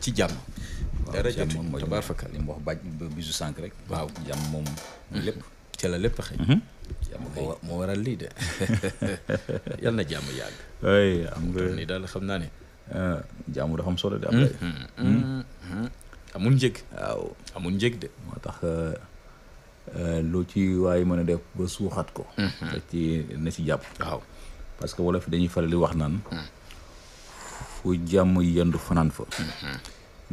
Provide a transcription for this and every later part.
ci jàmm. dara jotul moom mooy tabaar fakal li mu wax bàjj bisu sànq rek. waaw jàmm moom. Mm-hmm. lépp ca la lépp xëy. Mm-hmm. jàmm moo waral lii de yàlla na jàmm yàgg. ay am nga ni daal xam naa ne. Ah, jàmm dafa am solo de. Mm-hmm. amul njëg. waaw amul njëg de. moo tax euh, euh, loo ci waaye mën a def ba suuxat ko. te ci na jàpp. waaw parce que wolof dañuy faral di wax naan. Mm. fu jàmm yendu fanaan fa mm-hmm.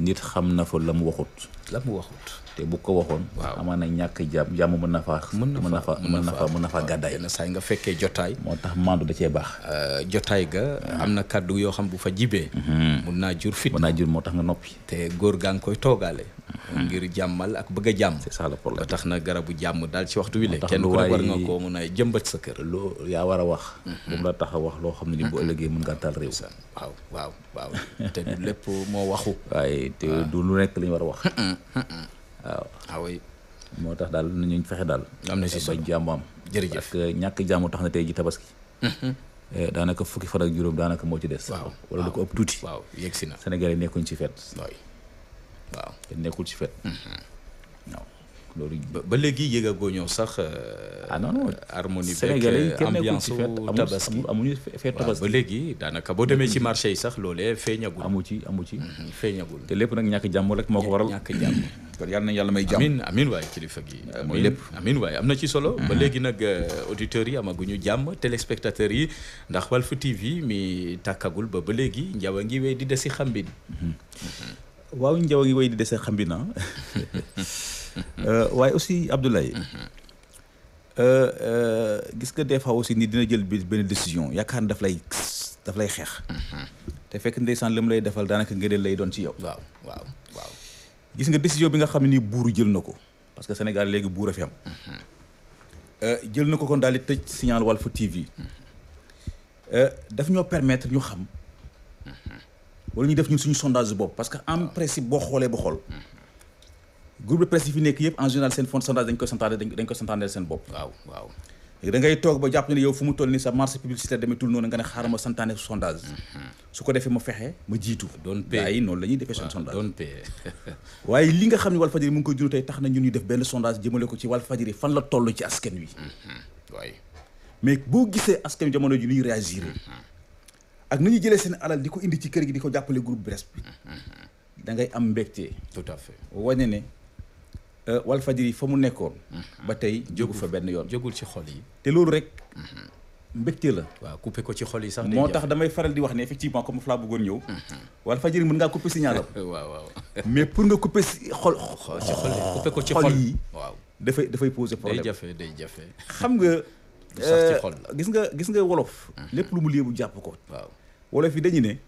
nit xam na fa la mu waxut la mu waxut te bu ko waxoon. waaw amaa na ñàkk jàmm jàmm mën na faa. mën na faa mën na faa mën na faa gàddaay. yenn saa nga fekkee jotaay. moo tax maandu da cee baax. Euh, jotaay ga mm-hmm. am na kàddu yoo xam bu fa jibee. Mm-hmm. mun naa jur fit. mun naa jur moo tax nga noppi. te góor gaa koy toogaale. Mm-hmm. ngir jàmmal ak bëgg a jàmm. c'est ça le problème tax na garabu jàmm daal ci waxtu wi le kenn ku ne war nga koo mun a jëmbat sa kër. loo yaa war a wax. bu mu la tax a wax loo xam ne ni bu ëllëgee mën nga taal réew. waaw waaw waaw te lépp moo waxu. waaye te du lu nekk li war a wax. waaw ah oui moo tax daal nu ñu fexe daal am na si solo ba jàmm am jërëjëf que ñàkk jàmm tax na tey ji tabaski mm-hmm. eh, daanaka fukki fan ak juróom daanaka moo ci des waaw wala lu ko ëpp tuuti waaw yegg si na Sénégal yi nekkuñ ci fête waaw nekkul ci fête mm-hmm. loolu ba léegi yéeg agoo ñëw sax euh, ah non non harmonie Sénégalais kenn nekkul ci fête tabaski amuñu fête tabaski ba léegi daanaka boo demee ci marché yi sax loole feeñagul amu ci amu ci mm-hmm. feeñagul te lépp nag ñàkk jàmm rek moo ko waral ñàkk jàmm kon yal na yàlla may jàmm amin amin waay kilifa gi eh, mooy lépp amin waay am na ci solo ba mhm. léegi nag eh, auditeurs yi amaguñu jàmm téléspectateurs yi ndax Walf TV mi tàkkagul ba ba léegi njaw a ngi wéy di desi xambin mhm. Mhm. waaw njaw a ngi wéy di desi xambin ah. eh, waaye aussi Abdoulaye gis nga des fois aussi ni dina jël benn décision yaakaar ne daf lay daf lay xeex te fekk ndeysaan la mu lay defal daanaka ngëneel lay doon ci yow gis nga décision bi nga xam ne nii buuru jël na ko parce que Sénégal léegi buur a fi am euh, jël na ko kon daal di tëj signal Walf TV euh, daf ñoo permetre ñu xam wala ñu def ñun suñu sondage bopp parce que en boo xoolee ba xool groupe de presse yi fi nekk yëpp en général seen fond sondage dañ koy santaane dañ koy santaaneel seen bopp waaw waaw léegi da toog ba jàpp ne yow fu mu toll nii sa marché publicitaire demetul noonu nga ne xaaral ma santaane sondage mhm. su ko defee ma fexe ma jiitu doon gaa yi noonu la ñuy defee seen sondage doon pay waaye li nga xam ne yi mu ngi koy juru tey tax na ñun ñu def benn sondage jëmale ko ci Walfadjri fan la toll ci askan wi mhm. waay mais boo gisee askan jamono ji ñuy réagir mhm. ak na ñuy jëlee seen alal di ko indi ci kër gi di ko jàppale groupe presse bi da ngay am mbégte tout à fait wane ne yi euh, fa mu nekkoon. Mhm. ba tey jógu fa benn yoon. jógul ci xol yi. te loolu rek. Mhm. mbëgte la. waaw couper ko ci xol yi sax. moo tax damay faral di wax ne effectivement comme fa laa bëggoon ñëw. Mhm. Walfadjri mën ngaa couper signalam. waaw waaw mais pour nga couper si xol. ci yi ko ci xol yi. waaw dafay dafay poser problème. jafe day jafe. xam nga. Euh, gis nga gis nga wolof. lépp lu mu léebu jàpp ko. waaw wolof yi dañu ne.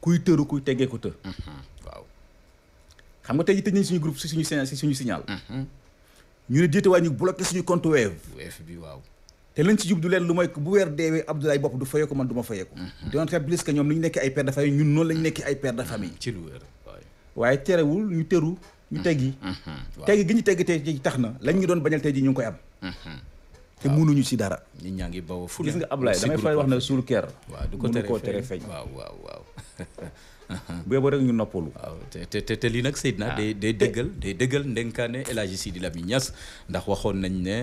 kuy tëru kuy tegee ko të. xam nga tey ji tëj nañ suñu groupe si suñu signal si suñu signal mhm. ñu ne déetewaay ñu bloqué suñu compte Wave bi waaw te lañ ci jub du leen lu mooy bu weer deewee Abdoulaye bopp du fayee ko man du ma fayee ko donte plus que ñoom li ñu nekk ay per de famille ñun noonu lañ nekk ay père de famille ci lu ñu teru ñu mhm. teggi mhm, teggi gi ñu teggi tey tax na lañ ñu doon bañal tey ji ñu ngi koy am te mënuñu ci dara nit ñaa ngi baw a fu gis nga Abdoulaye damay fay wax ne suul ker waaw du ko bu yeboo rek ñu noppalu waaw te te lii nag Seydina ah. day day dëggal day dëggal ndenkaane El Hadji Sidi Lamine Niass ndax waxoon nañ ne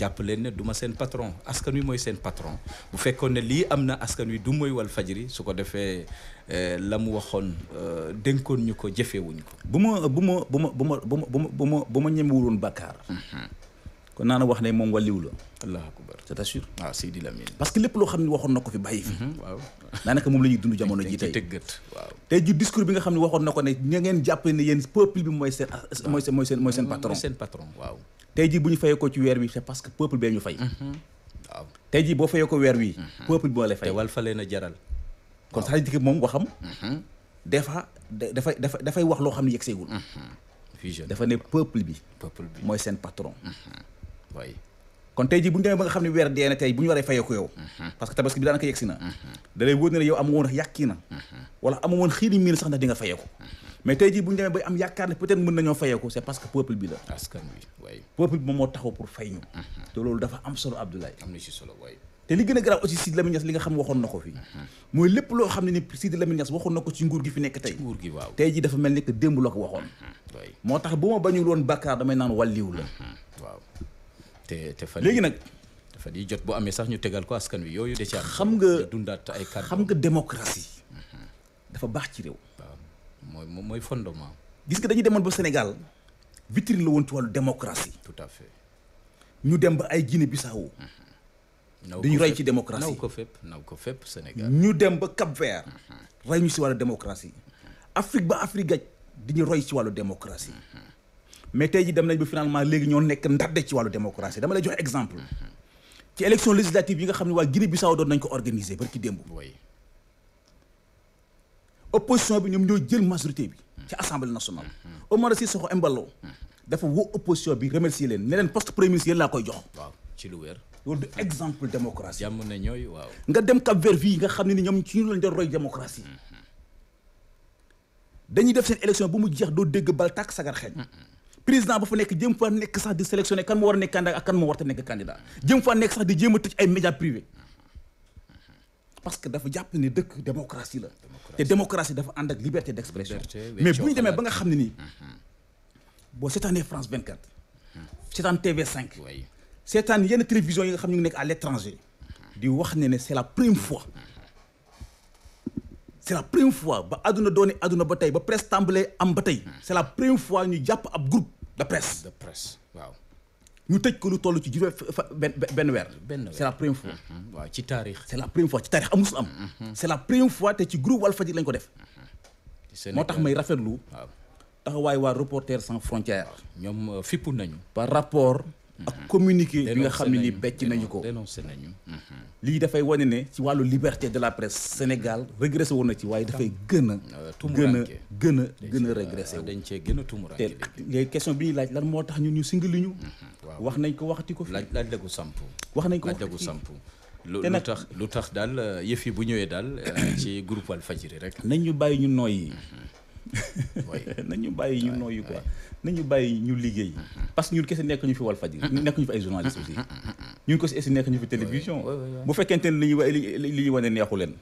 jàpp leen ne duma seen patron askan wi mooy seen patron bu fekkoon ne lii am na askan wi du mooy wal fajri su ko defee eh, la mu waxoon eh, dénkoon ñu ko jëfeewuñ ko bu ma bu ma bu ma bu ma bu ma bu ma bu ma ñemewuloon bàkkaar mhm. kon naa na wax ne moom wàlliw la ah, parce que lépp loo xam ne waxoon na ko fi bàyyi fi daanaka mhm, moom la dund jamono ji tey tëggat waaw tey ji discours bi nga xam ne waxoon na ko ne ña ngeen jàpp ne yéen peuple bi mooy seen ah, mooy seen mooy boo fayee ko weer wi mhm. peuple bi moo lay fay te wal a jaral kon sax dikk moom waxam mhm. fois dafay dafay dafay wax loo xam ne yegg seegul dafa ne peuple bi peuple bi mooy seen patron way kon tey jii bu ñu demee ba nga xam ne weer dee na tey bu ñu waree fayee yow mhm. parce que tabaski na mhm. da lay wóor ne yow am woon yàqi na mhm. wala am woon xiini miin sax ndax jii am yaakaar ne peut dafa am na ci solo way te a garaaw aussi Sidi Lamine Niass li lépp loo xam ne ni Sidi Lamine na ko ci nguur gi fi nekk ni que démb la ko waxoon moo tax bu ma bañul woon damay naan wàlliw la waaw te te léegi nag fan di jot boo amee sax ñu tegal ko askan wi yooyu de ci xam nga dundaat ay kàddu xam nga démocratie dafa baax ci réew waaw mooy mooy fondement gis nga dañu demoon ba Sénégal vitrine la woon ci wàllu démocratie tout à fait ñu dem ba ay Guinée Bissau dañu rey ci démocratie naw ko fépp naw ko fépp Sénégal ñu dem ba Cap Vert mhm. rey ñu si wàllu démocratie mhm. Afrique ba Afrique gaj di ñu ci wàllu démocratie mhm. mais tey ji dem nañ ba finalement léegi ñoo nekk ndadde ci wàllu démocratie dama lay jox exemple mm-hmm. ci élection législative yi nga xam ne waa Guinée Bissau doo nañ ko organiser barki démb opposition bi ñoom ñoo jël majorité bi mm-hmm. ci assemblée nationale Umaro mm-hmm. Sissoco Embalo dafa woo opposition bi remercier leen ne leen poste premier ministre yéen laa koy jox waaw ci lu wér loolu du exemple démocratie jàmm na ñooy waaw nga dem Cap Vert fii nga xam ne ni ñoom ci ñu lañ doon roy démocratie dañuy def seen élection bu mu jeex doo dégg bal tàkk sagar xeeñ président ba fa nekk jëm fa nekk sax di sélectionner kan mu war a nekk candidat ak kan mu jëm fa nekk sax di jéem a tëj ay médias privés parce que dafa jàpp ne dëkk démocratie la te démocratie dafa ànd ak liberté d'expression mais bu ñu demee ba nga xam ne nii mhm. boo seetaanee France 24 seetaan TV5 seetaan yenn télévision yi nga xam ñu ngi nekk à l'étranger di wax ne ne c'est la première fois mhm. c'est la première fois ba àdduna doone àdduna ba tey ba presse tàmbalee am ba tey. c'est la première fois ñu jàpp ab groupe de presse. ñu tëj ko lu toll ci juróom benn benn weer. benn weer c'est la première fois. Mhm, ci taarix. c'est la première fois ci taarix amul am. Mhm. c'est la première fois te ci groupe Walfadjri lañ ko def. Mhm. moo tax may rafetlu. waaw taxawaay waa Reporters sans frontières. ñoom euh, fippu nañu. par rapport. ak mhm. communiqué bi nga xam ne ni becc nañu ko dénoncé nañu mhm. Mhm. lii dafay wane ne ci wàllu liberté de la presse Sénégal régressé woon na ci waaye dafay gën a euh, gën a gën a gën a régressé dañ cee gën a tumuranke te question bi ñuy laaj lan moo tax ñun ñu singali ñu wax nañ ko waxati ko fi laaj dëggu samp wax nañ ko dëggu samp lu tax lu tax daal euh, yëf yi bu ñëwee daal euh, ci groupe Walfadjri rek nañ ñu bàyyi ñu nooy nañu bàyyi ñu nooyu quoi nañu bàyyi ñu liggéey mm-hmm. parce que ñun kese nekk ñu fi Walfadjri mm-hmm. nekk ñu fi ay journalistes aussi mm-hmm. nekk ñu fi télévision bu fekkente ne li ñuy li ñuy wane leen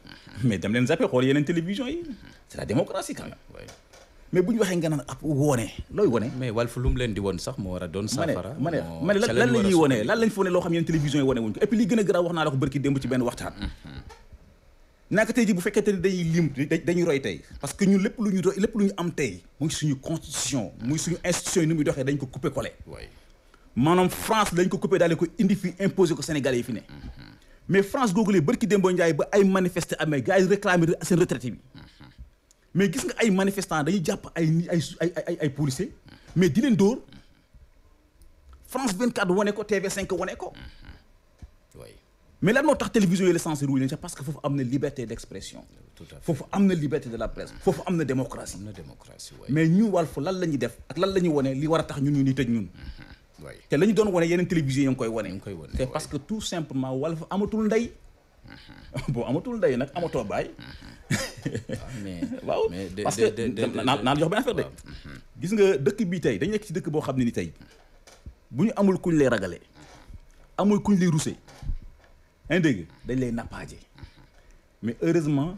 mais dem leen zappé xool yeneen télévision yi c'est la démocratie quand mais bu ñu waxee nga naan ab woone looy wone mais Walf lu mu leen di woon sax moo war a doon saafara ma ne ma ne lan la ñuy wone loo xam yeneen télévision yi wone wuñ ko et li gën a garaaw wax naa naa ko tey jii bu fekkente ni dañuy lim dañuy roy tey parce que ñun lépp lu ñu lépp lu ñu am tey muy suñu constitution muy suñu institution yi ni muy doxee dañ ko coupé collé maanaam France dañ ko coupé daal ko indi fi imposé ko Sénégalais yi fi ne mm-hmm. mais France googu lee barki Demba Ndiaye ba ay manifesté amee gars yi réclamé seen retraité bi mm-hmm. mais gis nga ay manifestant dañuy jàpp ay ay ay ay mais di leen dóor France 24 wane ko TV cinq wane ko mm-hmm. mais lan moo tax télévision yi la censure wuñu parce que foofu am na liberté d'expression foofu am na liberté de la presse ah. foofu am na démocratie am na démocratie mais ñu Walf lan la ñuy def ak lan la wone li war a tax ñun ñu ni tëj ñun mm-hmm. te la ñu doon wone yeneen télévision yi ngi koy wone c'est parce que tout simplement Walf amatul ndey mm-hmm. bon amatul ndey nag amatoo baay waaw parce que naa naa jox benn affaire de mm-hmm. gis nga dëkk bii tey dañ nekk ci dëkk boo xam ne ni tey bu ñu amul kuñ lay ragale amul kuñ lay rusé yaa dégg dañ lay nappaaje mais heureusement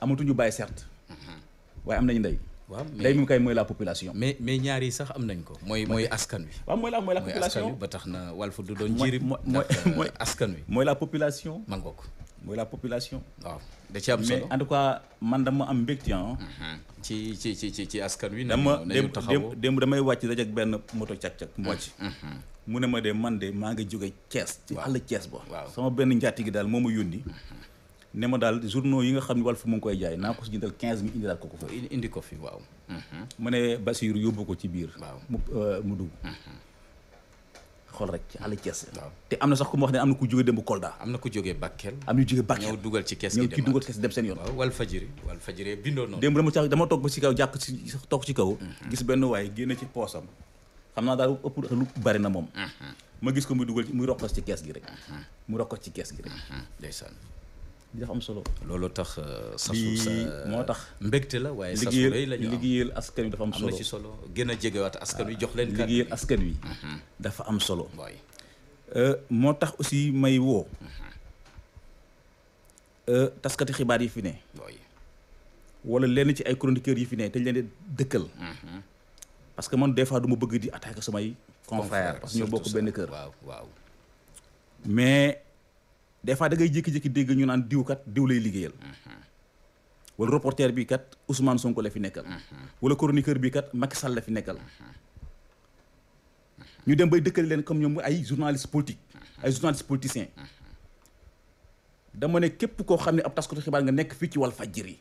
amatuñu bàyyi certes mm-hmm. waaye am nañu ndey. waaw ndey mi kay mooy la population. mais mais ñaar yi sax am nañ ko. mooy mooy askan wi. waaw mooy la mooy la ba tax na Walf du doon. jirim mooy euh, askan wi. mooy la population. mangook mooy la population. waaw da ci am solo mais en tout cas man dama am mbégte mhm. ci ci ci ci askan wi. dama démb damay wàcc dajak benn moto càq-càq mu wàcc. Mhm, mhm. mu ne ma de man de maa ngi jóge Thiès. ci àll Thiès ba. sama benn njaati gi daal moo ma yónni. ne ma daal journaux yi nga xam ne Walf mu ngi koy jaay naa ko si jëndal quinze mille indi daal ko ko fa. indi ko fi waaw. mu ne Basiirou yóbbu ko ci biir. waaw mu euh, dugg. xool rek ci àll Thiès te am na sax ku ma wax ne am na ku jógee dem bu Kolda am na ku jógee Bakel am na jógee Bakel ñëw dugal ci kees gi ñëw dugal kees dem seen yoon wal fajiri wal fajiri bindoo noonu démb dama ca dama toog ba ci kaw jàkk ci toog ci kaw mhm. gis benn waaye génne ci poosam xam naa daal ëpp lu bari na moom mhm. ma gis ko muy dugal muy rokkos ci kes gi rek muy rokkos ci kees gi rek mhm. ndeysaan di solo. loolu tax euh, sa sa moo tax mbégte la waaye sa liggéeyal liggéeyal askan wi dafa am solo am gën a jegewaat askan wi ah, jox leen. kàddu liggéeyal askan wi. Mm-hmm. dafa am solo. Euh, moo tax aussi may woo. Mm-hmm. Euh, taskati xibaar yi fi ne. wala lenn ci ay chroniqueurs yi fi ne te ñu leen di dëkkal. Mm-hmm. parce que man des fois du bëgg di attaquer samay confrères parce que ñoo bokk benn kër. waaw waaw mais. des fois da ngay jékki-jékki dégg ñu naan diw kat diw lay liggéeyal. Mm-hmm. wala reporter bi kat Ousmane Sonko la fi nekkal. Mm-hmm. wala chroniqueur bi kat Macky Sall la fi nekkal. Mm-hmm. ñu dem bay dëkkale leen comme ñoom ay journaliste politique ay journaliste politicien dama ne képp koo xam ne ab taskatu xibaar nga nekk fii ci Walf Fadjri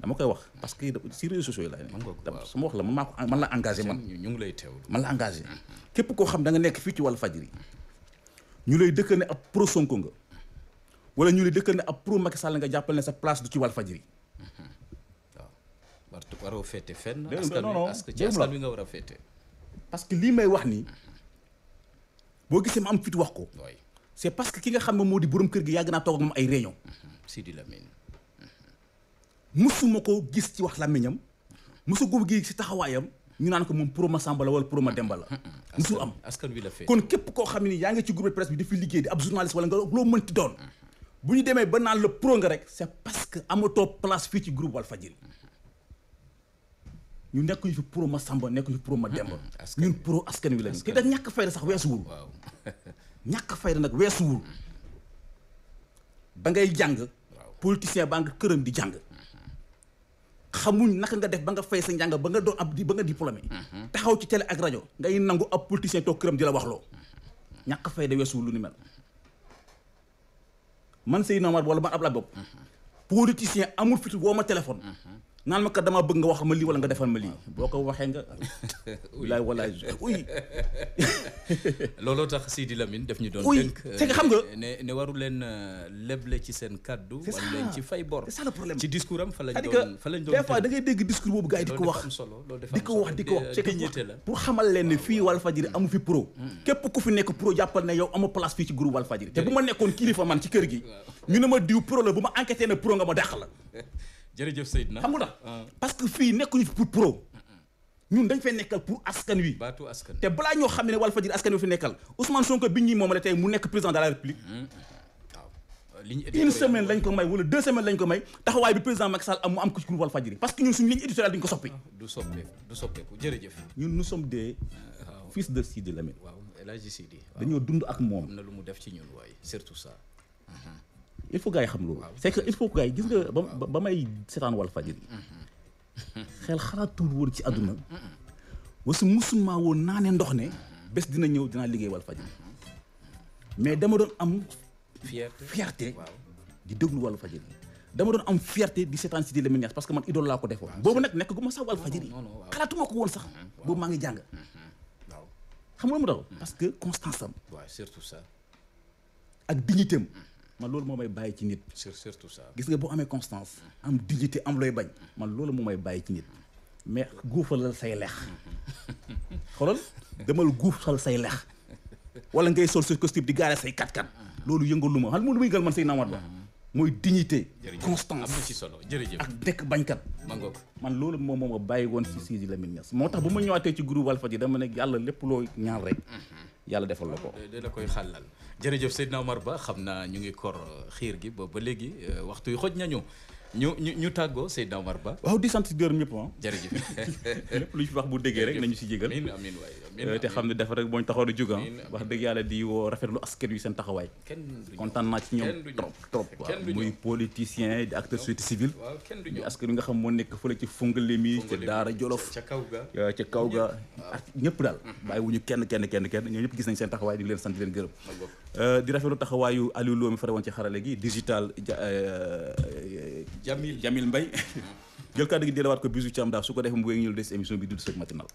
dama koy wax parce que si réseaux sociaux yi la dama su ma wax la man maa ko man la engagé man ñu ngi lay teewlu man la engagé képp koo xam da nga nekk fii ci Walf Fadjri ñu lay dëkka ne ab pro Sonko nga wala ñu lay dëkka ne ab pro Macky nga jàppal ne sa place du ci Walfadjri waaw war waroo féete fenn ci askan nga war a féete parce que lii may wax nii boo gisee ma am fit wax ko c'est parce que ki nga xam ne moo di borom kër gi yàgg naa toog ak moom ay réunion mm-hmm. Sidi Lamine mm-hmm. musuma ko gis ci wax làmmiñam musu ko gis ci taxawaayam ñu naan ko moom pro Massamba la wala pro Mademba la musul am askan wi la fee kon képp koo xam ne yaa ngi ci groupe de presse bi dafa liggéey di ab journaliste wala nga loo mënti doon mm-hmm. bu ñu demee ba naan la pro nga rek c'est parce que amatoo place fii ci groupe Walfadjri mm-hmm. ñu nekk ñu fi pro Massamba nekk ñu fi pro Mademba mm-hmm. ñun pro askan wi lañu te da ñàkk fayda sax weesuwul ñàkk fayda nag weesuwul da ngay jàng politicien baa nga këram di jàng xamuñ naka nga def ba nga fay sa njàng ba nga doon ab di ba nga diplômé mhm. taxaw ci télé ak rajo ngay nangu ab politicien toog këram di la wax loo mhm. ñàkk fay da weesu lu ni mel man Seydina Omar wala man Ablaye Bob mhm. politicien amul fit woo ma téléphone naan ma kat damaa bëgg nga wax ma lii wala nga defal ma lii boo ko waxee nga. walaay walaay uy. looloo tax Sidi Lamine def ñu doon. dënk xam nga. ne ne waru leen euh, leble ci seen kaddu. c' waru leen ci fay bor. c' ci discours am fa lañ doon fa lañ doon des fois da ngay dégg discours boobu di ko wax. dikk ko wax di ko wax pour xamal leen ne fii ah, Walfadjri amu fi pro. Hmm. képp ku fi nekk pro jàppal ne yow amu place fii ci groupe Walfadjri te bu ma nekkoon kilifa man ci kër gi. ñu ne ma diw pro la bu ma enquêté ne pro nga ma dàq la jërëjëf Seydina xam nga tax ah. parce que fii nekkuñu fi pour pro. ñun dañ fee nekkal pour askan wi. baatu askan te balaa ñoo xam ne Walfadjri askan wi fi nekkal Ousmane Sonko bi ñuy moomale tey mu nekk président de la République. Hmm. une semaine lañ ko may wala deux semaines lañ ko may taxawaay bi président Macky Sall am mu am ko ci groupe Walfadjri parce que ñun suñu ligne éditoriale duñ ko soppi. Ah, du soppeeku du soppeeku jërëjëf. ñun nous sommes ah, waaw El Hadj Sidi. dañoo dund ak moom. na lu mu def ci ñun waaye surtout ça. Hmm. il faut gars yi xam loolu. c'est que il faut que gars yi ba ba may seetaan Walfadjri mm-hmm. xel xalaatul woon ci àdduna mm-hmm. Mm-hmm. wasu musulmaa woon naa ne ndox ne bés dina ñëw dinaa liggéey Walfadjri mais dama doon am fierté di déglu Walfadjri dama doon am fierté di seetaan Sidi Lamine Niass parce que man idole laa ko defoon boobu nag nekk gu ma sax Walfadjri xalaatuma ko woon sax boobu maa ngi jàng xam nga mu daw parce que constance am surtout ça ak dignité man loolu moo may bàyyi ci nit. surtout ça. gis nga boo amee constance. am dignité am looy bañ. man loolu moo may bàyyi ci nit. mais guufalal say lex. xoolal demal guufal say lex. wala ngay sol sa costume di gaare say katkat. loolu lu ma xam lu muy gal man say naawat la. Mm-hmm. mooy dignité. constance am na ci solo jërëjëf ak dekk bañkat. man loolu moom moo ma bàyyi woon ci Sidi Lamine Niass moo tax bu ma ñëwaatee ci groupe Walfadjri dama ne yàlla lépp loo ñaan rek. Mm-hmm. yàlla defal la ko. de la koy xàllal jërëjëf Seydina Omar Ba xam naa ñu ngi kor euh, xiir gi ba ba léegi euh, waxtu yi xoj nañu ñu ñu ñu tàggoo sey Omar Ba. waaw di sant gërëm ñëpp ah. jërëjëf. lépp lu ñu fi wax bu déggee rek nañu si jégal. amiin amiin euh, te xam ne dafa rek boo ñu taxaw di jug ah. wax dëgg yàlla di woo rafetlu askan wi seen taxawaay. kontaan naa ci ñoom trop trop. waaw muy politicien di acteur société civile. di askan wi nga xam moo nekk fële ci Fongolémi ca Daara Jolof. ca kaw ca Kawga. ñëpp daal bàyyi wuñu kenn kenn kenn kenn ñoom ñëpp gis nañ seen taxawaay di leen sant di leen gërëm Euh, di rafetlu taxawaayu Aliou Lo ci xarale gi digital euh, euh, Jamil Jamil Mbaye jël kàddu gi delluwaat ko bisu Thiam daal su ko defee mu wéy ñu des émission bi dudd sëg matinal